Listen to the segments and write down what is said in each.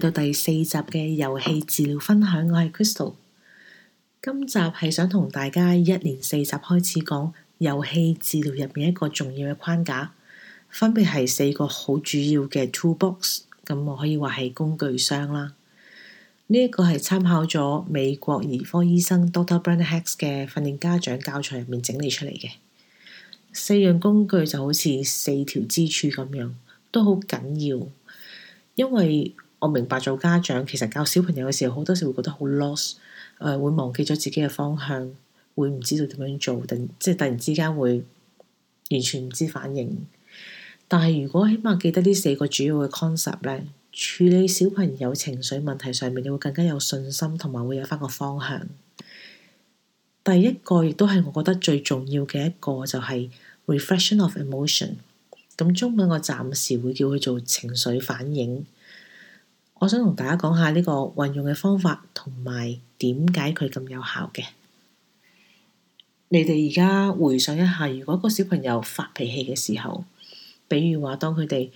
到第四集嘅遊戲治療分享，我係 Crystal。今集係想同大家一連四集開始講遊戲治療入面一個重要嘅框架，分別係四個好主要嘅 toolbox，咁我可以話係工具箱啦。呢一個係參考咗美國兒科醫生 Doctor Brenna Hicks 嘅訓練家長教材入面整理出嚟嘅四樣工具，就好似四條支柱咁樣，都好緊要，因為，我明白做家長，其實教小朋友嘅時候，好多時會覺得好 lost，誒、呃，會忘記咗自己嘅方向，會唔知道點樣做，等即係突然之間會完全唔知反應。但係如果起碼記得呢四個主要嘅 concept 咧，處理小朋友情緒問題上面，你會更加有信心，同埋會有翻個方向。第一個亦都係我覺得最重要嘅一個就係 reflection of emotion。咁中文我暫時會叫佢做情緒反映。我想同大家講下呢個運用嘅方法，同埋點解佢咁有效嘅。你哋而家回想一下，如果個小朋友發脾氣嘅時候，比如話當佢哋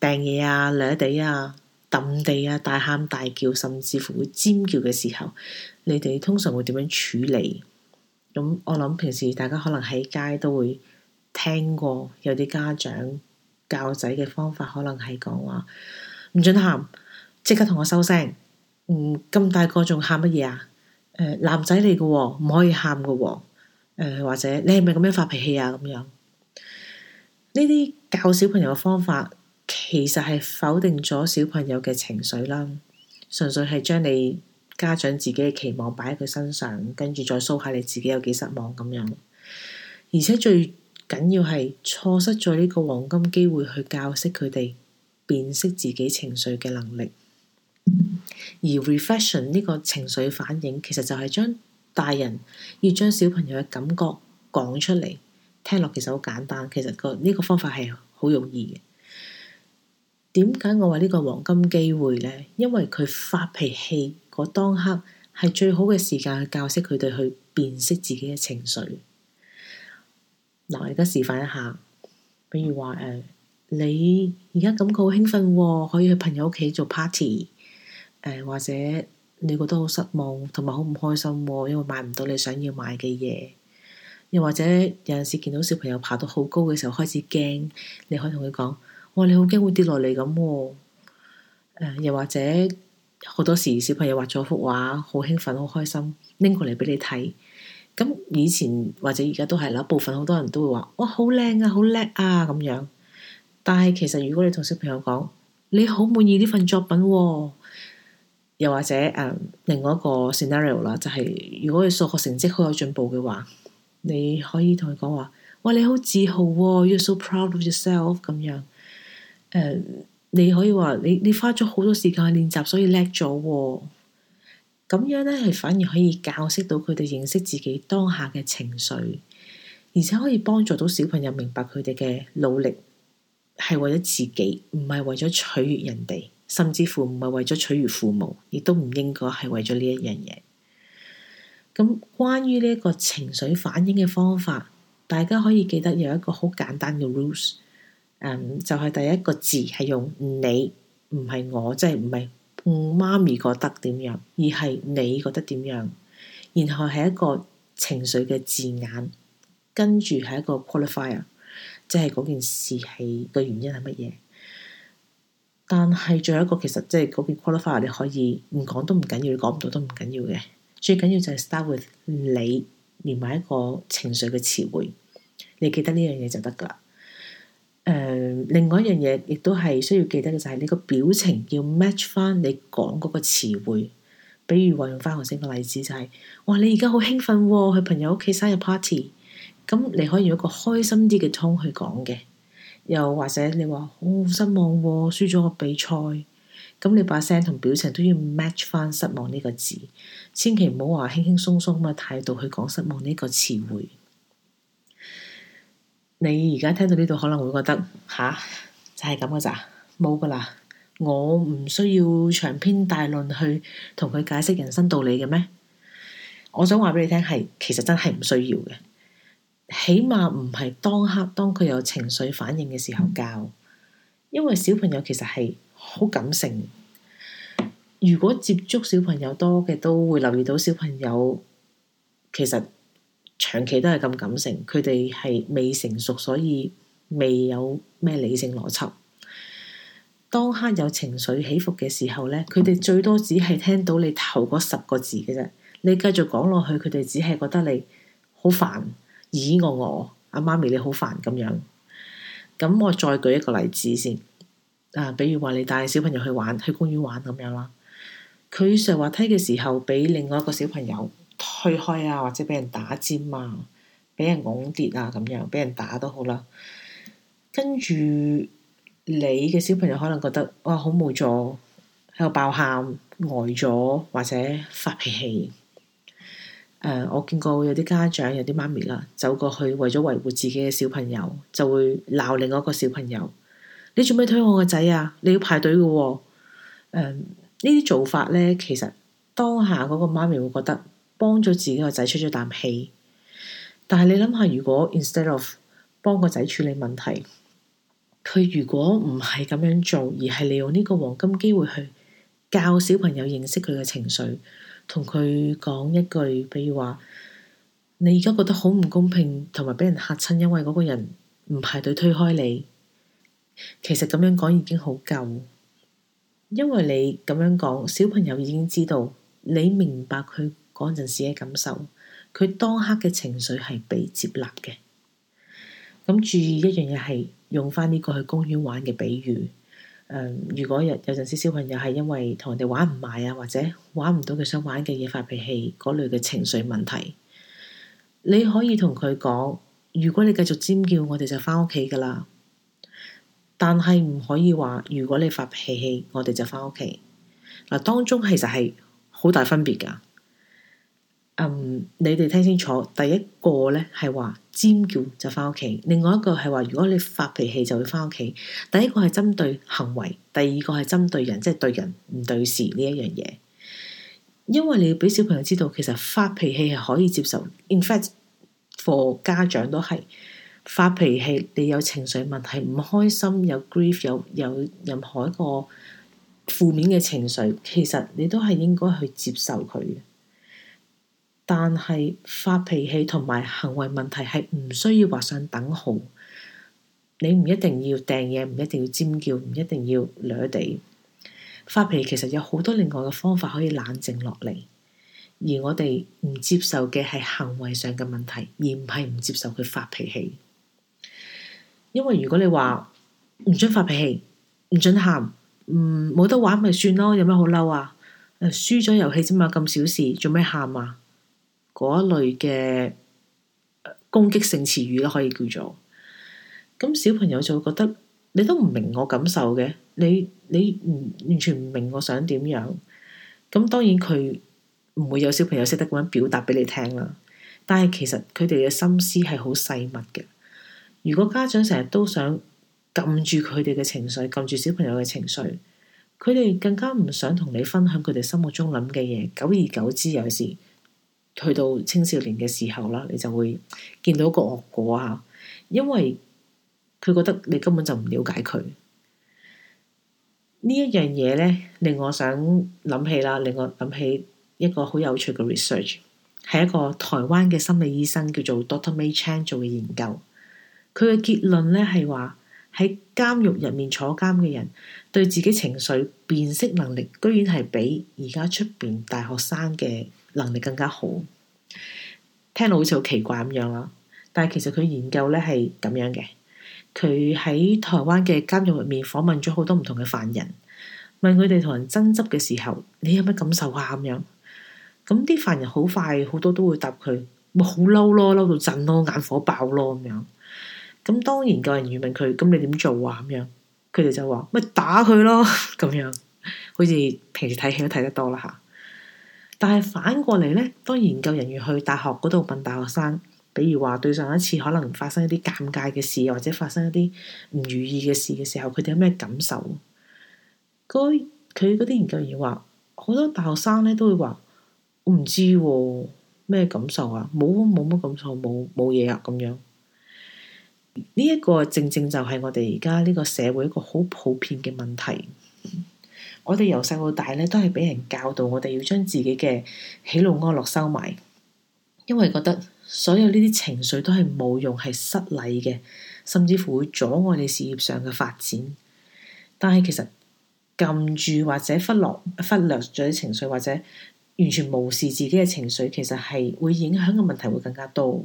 掟嘢啊、掠地啊、揼地啊、大喊大叫，甚至乎會尖叫嘅時候，你哋通常會點樣處理？咁我諗平時大家可能喺街都會聽過有啲家長教仔嘅方法，可能係講話唔准喊。即刻同我收聲，嗯，咁大個仲喊乜嘢啊？誒、呃，男仔嚟嘅，唔可以喊嘅、哦。誒、呃，或者你係咪咁樣發脾氣啊？咁樣呢啲教小朋友嘅方法，其實係否定咗小朋友嘅情緒啦。純粹係將你家長自己嘅期望擺喺佢身上，跟住再掃下你自己有幾失望咁樣。而且最緊要係錯失咗呢個黃金機會去教識佢哋辨識自己情緒嘅能力。而 reflection 呢個情緒反應，其實就係將大人要將小朋友嘅感覺講出嚟，聽落其實好簡單。其實個呢個方法係好容易嘅。點解我話呢個黃金機會呢？因為佢發脾氣嗰當刻係最好嘅時間去教識佢哋去辨識自己嘅情緒。嗱，我而家示範一下，比如話誒，你而家感覺好興奮，可以去朋友屋企做 party。誒，或者你覺得好失望，同埋好唔開心，因為買唔到你想要買嘅嘢，又或者有陣時見到小朋友爬到好高嘅時候開始驚，你可以同佢講：哇，你好驚會跌落嚟咁。誒，又或者好多時小朋友畫咗幅畫，好興奮，好開心，拎過嚟俾你睇。咁以前或者而家都係啦，部分好多人都會話：哇，好靚啊，好叻啊，咁樣。但係其實如果你同小朋友講，你好滿意呢份作品啊。又或者誒、呃，另外一個 scenario 啦，就係如果你數學成績好有進步嘅話，你可以同佢講話：哇，你好自豪，哦，you're so proud of yourself 咁樣。誒、呃，你可以話你你花咗好多時間去練習，所以叻咗、哦。咁樣咧係反而可以教識到佢哋認識自己當下嘅情緒，而且可以幫助到小朋友明白佢哋嘅努力係為咗自己，唔係為咗取悅人哋。甚至乎唔係為咗取悦父母，亦都唔應該係為咗呢一樣嘢。咁關於呢一個情緒反應嘅方法，大家可以記得有一個好簡單嘅 rules，嗯，就係第一個字係用你，唔係我，即係唔係媽咪覺得點樣，而係你覺得點樣。然後係一個情緒嘅字眼，跟住係一個 qualifier，即係嗰件事係個原因係乜嘢。但係仲有一個其實即係嗰件 qualifier 你可以唔講都唔緊要，你講唔到都唔緊要嘅。最緊要就係 start with 你連埋一個情緒嘅詞彙，你記得呢樣嘢就得噶啦。誒、呃，另外一樣嘢亦都係需要記得嘅就係、是、你個表情要 match 翻你講嗰個詞彙。比如話用翻我先個例子就係、是：哇，你而家好興奮喎、啊，去朋友屋企生日 party。咁你可以用一個開心啲嘅 tone 去講嘅。又或者你話好、哦、失望喎，輸咗個比賽，咁你把聲同表情都要 match 翻失望呢個字，千祈唔好話輕輕鬆鬆咁嘅態度去講失望呢個詞彙。你而家聽到呢度可能會覺得吓，就係咁嘅咋，冇噶啦，我唔需要長篇大論去同佢解釋人生道理嘅咩？我想話俾你聽，係其實真係唔需要嘅。起碼唔係當刻，當佢有情緒反應嘅時候教，因為小朋友其實係好感性。如果接觸小朋友多嘅，都會留意到小朋友其實長期都係咁感性。佢哋係未成熟，所以未有咩理性邏輯。當刻有情緒起伏嘅時候咧，佢哋最多只係聽到你頭嗰十個字嘅啫。你繼續講落去，佢哋只係覺得你好煩。咦，我我阿媽咪你好煩咁樣，咁我再舉一個例子先，啊、呃，比如話你帶小朋友去玩，去公園玩咁樣啦，佢上滑梯嘅時候俾另外一個小朋友推開啊，或者俾人打尖啊，俾人拱跌啊咁樣，俾人打都好啦，跟住你嘅小朋友可能覺得哇好無助，喺、呃、度爆喊，呆咗或者發脾氣。誒，uh, 我見過有啲家長，有啲媽咪啦、啊，走過去為咗維護自己嘅小朋友，就會鬧另外一個小朋友。你做咩推我個仔啊？你要排隊嘅、哦。誒，呢啲做法呢，其實當下嗰個媽咪會覺得幫咗自己個仔出咗啖氣。但係你諗下，如果 instead of 幫個仔處理問題，佢如果唔係咁樣做，而係利用呢個黃金機會去教小朋友認識佢嘅情緒。同佢講一句，比如話你而家覺得好唔公平，同埋俾人嚇親，因為嗰個人唔排隊推開你。其實咁樣講已經好夠，因為你咁樣講，小朋友已經知道你明白佢嗰陣時嘅感受，佢當刻嘅情緒係被接納嘅。咁注意一樣嘢係用翻呢個去公園玩嘅比喻。嗯、如果有有陣時小朋友係因為同人哋玩唔埋啊，或者玩唔到佢想玩嘅嘢發脾氣嗰類嘅情緒問題，你可以同佢講：如果你繼續尖叫，我哋就返屋企㗎喇。但係唔可以話：如果你發脾氣，我哋就返屋企。嗱，當中其實係好大分別㗎。嗯，你哋聽清楚，第一個呢係話。尖叫就翻屋企，另外一個係話如果你發脾氣就會翻屋企，第一個係針對行為，第二個係針對人，即係對人唔對事呢一樣嘢。因為你要俾小朋友知道，其實發脾氣係可以接受。in fact，for 家長都係發脾氣，你有情緒問題，唔開心，有 grief，有有任何一個負面嘅情緒，其實你都係應該去接受佢。但係發脾氣同埋行為問題係唔需要畫上等號。你唔一定要掟嘢，唔一定要尖叫，唔一定要掠地。發脾氣其實有好多另外嘅方法可以冷靜落嚟。而我哋唔接受嘅係行為上嘅問題，而唔係唔接受佢發脾氣。因為如果你話唔准發脾氣，唔准喊，冇、嗯、得玩，咪算咯。有咩好嬲啊？誒，輸咗遊戲啫嘛，咁小事做咩喊啊？嗰一類嘅攻擊性詞語咧，可以叫做咁，小朋友就會覺得你都唔明我感受嘅，你你唔完全唔明我想點樣。咁當然佢唔會有小朋友識得咁樣表達俾你聽啦。但係其實佢哋嘅心思係好細密嘅。如果家長成日都想撳住佢哋嘅情緒，撳住小朋友嘅情緒，佢哋更加唔想同你分享佢哋心目中諗嘅嘢。久而久之，有時。去到青少年嘅時候啦，你就會見到一個惡果啊！因為佢覺得你根本就唔了解佢。呢一樣嘢咧，令我想諗起啦，令我諗起一個好有趣嘅 research，係一個台灣嘅心理醫生叫做 Dr. May Chang 做嘅研究。佢嘅結論咧係話，喺監獄入面坐監嘅人，對自己情緒辨識能力，居然係比而家出邊大學生嘅能力更加好，聽落好似好奇怪咁樣啦。但係其實佢研究呢係咁樣嘅，佢喺台灣嘅監獄入面訪問咗好多唔同嘅犯人，問佢哋同人爭執嘅時候，你有乜感受啊？咁樣，咁啲犯人好快好多都會答佢，咪好嬲咯，嬲到震咯，眼火爆咯咁樣。咁當研究人員問佢，咁你點做啊？咁樣，佢哋就話咪打佢咯，咁樣，好似平時睇戲都睇得多啦吓。但係反過嚟呢，當研究人員去大學嗰度問大學生，比如話對上一次可能發生一啲尷尬嘅事，或者發生一啲唔如意嘅事嘅時候，佢哋有咩感受？佢佢嗰啲研究人員話，好多大學生呢都會話，我唔知喎，咩感受啊，冇冇乜感受，冇冇嘢啊咁樣。呢一個正正就係我哋而家呢個社會一個好普遍嘅問題。我哋由細到大咧，都係俾人教導我哋要將自己嘅喜怒哀樂收埋，因為覺得所有呢啲情緒都係冇用，係失禮嘅，甚至乎會阻礙你事業上嘅發展。但係其實撳住或者忽略忽略咗啲情緒，或者完全無視自己嘅情緒，其實係會影響嘅問題會更加多。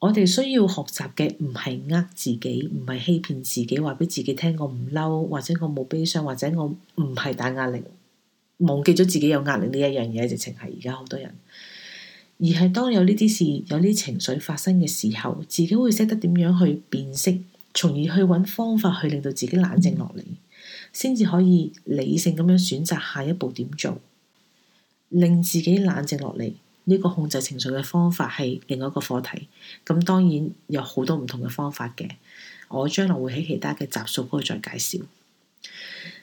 我哋需要學習嘅唔係呃自己，唔係欺騙自己，話俾自己聽我唔嬲，或者我冇悲傷，或者我唔係大壓力，忘記咗自己有壓力呢一樣嘢，直情係而家好多人。而係當有呢啲事、有呢啲情緒發生嘅時候，自己會識得點樣去辨識，從而去揾方法去令到自己冷靜落嚟，先至可以理性咁樣選擇下一步點做，令自己冷靜落嚟。呢個控制情緒嘅方法係另外一個課題，咁當然有好多唔同嘅方法嘅，我將來會喺其他嘅集數嗰度再介紹。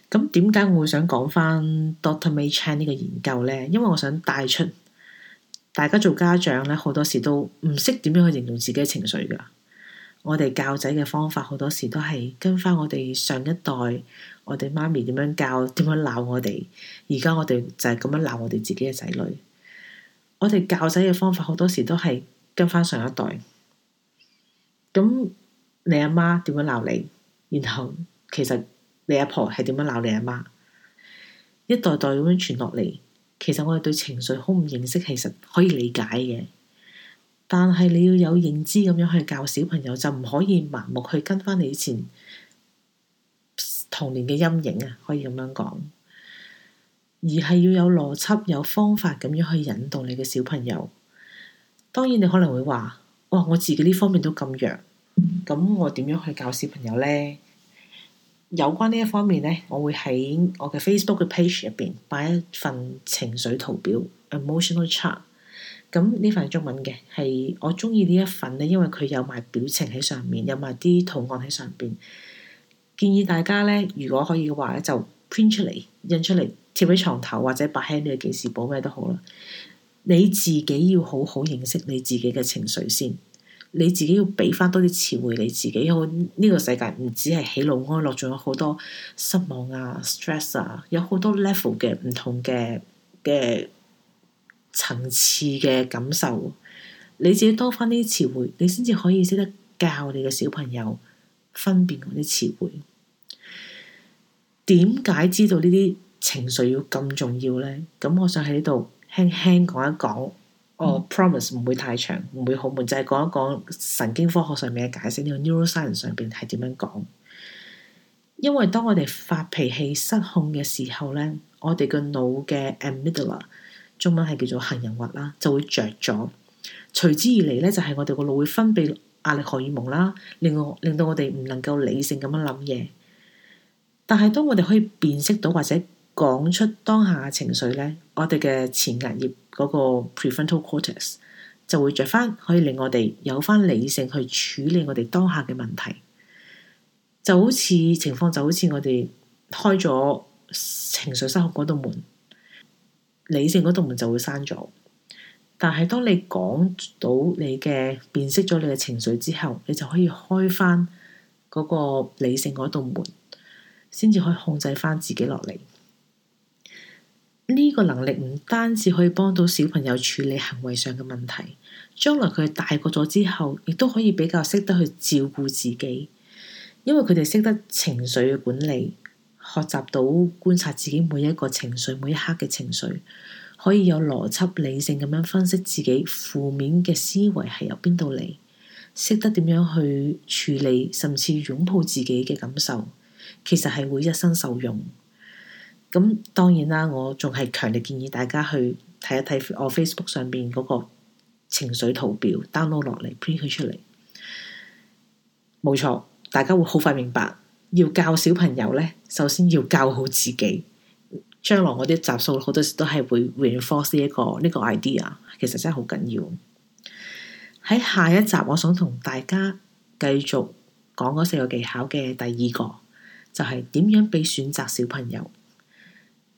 咁點解我會想講翻 Doctor May Chan 呢個研究呢？因為我想帶出大家做家長呢，好多時都唔識點樣去形容自己嘅情緒噶。我哋教仔嘅方法好多時都係跟翻我哋上一代，我哋媽咪點樣教，點樣鬧我哋，而家我哋就係咁樣鬧我哋自己嘅仔女。我哋教仔嘅方法好多時都係跟翻上一代，咁你阿媽點樣鬧你，然後其實你阿婆係點樣鬧你阿媽，一代代咁樣傳落嚟，其實我哋對情緒好唔認識，其實可以理解嘅，但係你要有認知咁樣去教小朋友，就唔可以盲目去跟翻你以前童年嘅陰影啊，可以咁樣講。而係要有邏輯、有方法，咁樣去引導你嘅小朋友。當然，你可能會話：「哇，我自己呢方面都咁弱，咁我點樣去教小朋友呢？」有關呢一方面呢，我會喺我嘅 Facebook 嘅 page 入邊擺一份情緒圖表 （emotional chart）。咁呢份中文嘅係我中意呢一份咧，因為佢有埋表情喺上面，有埋啲圖案喺上邊。建議大家呢，如果可以嘅話咧，就 print 出嚟，印出嚟。貼喺床頭或者擺喺你嘅記事簿咩都好啦。你自己要好好認識你自己嘅情緒先。你自己要俾翻多啲詞彙你自己，因為呢個世界唔止係喜怒哀樂，仲有好多失望啊、stress 啊，有好多 level 嘅唔同嘅嘅層次嘅感受。你自己多翻啲詞彙，你先至可以識得教你嘅小朋友分辨嗰啲詞彙。點解知道呢啲？情緒要咁重要呢？咁我想喺呢度輕輕講一講。我、嗯 oh, promise 唔會太長，唔會好悶，就係、是、講一講神經科學上面嘅解釋。呢、這個 neuroscience 上邊係點樣講？因為當我哋發脾氣失控嘅時候呢，我哋嘅腦嘅 amygdala，中文係叫做杏仁核啦，就會着咗。隨之而嚟呢，就係、是、我哋個腦會分泌壓力荷爾蒙啦，令我令到我哋唔能夠理性咁樣諗嘢。但係當我哋可以辨識到或者，講出當下嘅情緒呢，我哋嘅前額葉嗰個 prefrontal cortex 就會着翻，可以令我哋有翻理性去處理我哋當下嘅問題。就好似情況，就好似我哋開咗情緒失控嗰道門，理性嗰道門就會閂咗。但係當你講到你嘅辨識咗你嘅情緒之後，你就可以開翻嗰個理性嗰道門，先至可以控制翻自己落嚟。呢個能力唔單止可以幫到小朋友處理行為上嘅問題，將來佢大個咗之後，亦都可以比較識得去照顧自己，因為佢哋識得情緒嘅管理，學習到觀察自己每一個情緒、每一刻嘅情緒，可以有邏輯理性咁樣分析自己負面嘅思維係由邊度嚟，識得點樣去處理，甚至擁抱自己嘅感受，其實係會一生受用。咁當然啦，我仲係強烈建議大家去睇一睇我 Facebook 上面嗰個情緒圖表，download 落嚟，print 佢出嚟。冇錯，大家會好快明白，要教小朋友呢，首先要教好自己。將來我啲集數好多時都係會 reinforce 呢個呢個 idea，其實真係好緊要。喺下一集，我想同大家繼續講嗰四個技巧嘅第二個，就係點樣俾選擇小朋友。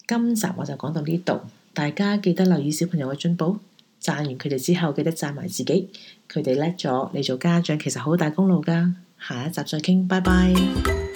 今集我就講到呢度，大家記得留意小朋友嘅進步，讚完佢哋之後記得讚埋自己，佢哋叻咗，你做家長其實好大功勞㗎，下一集再傾，拜拜。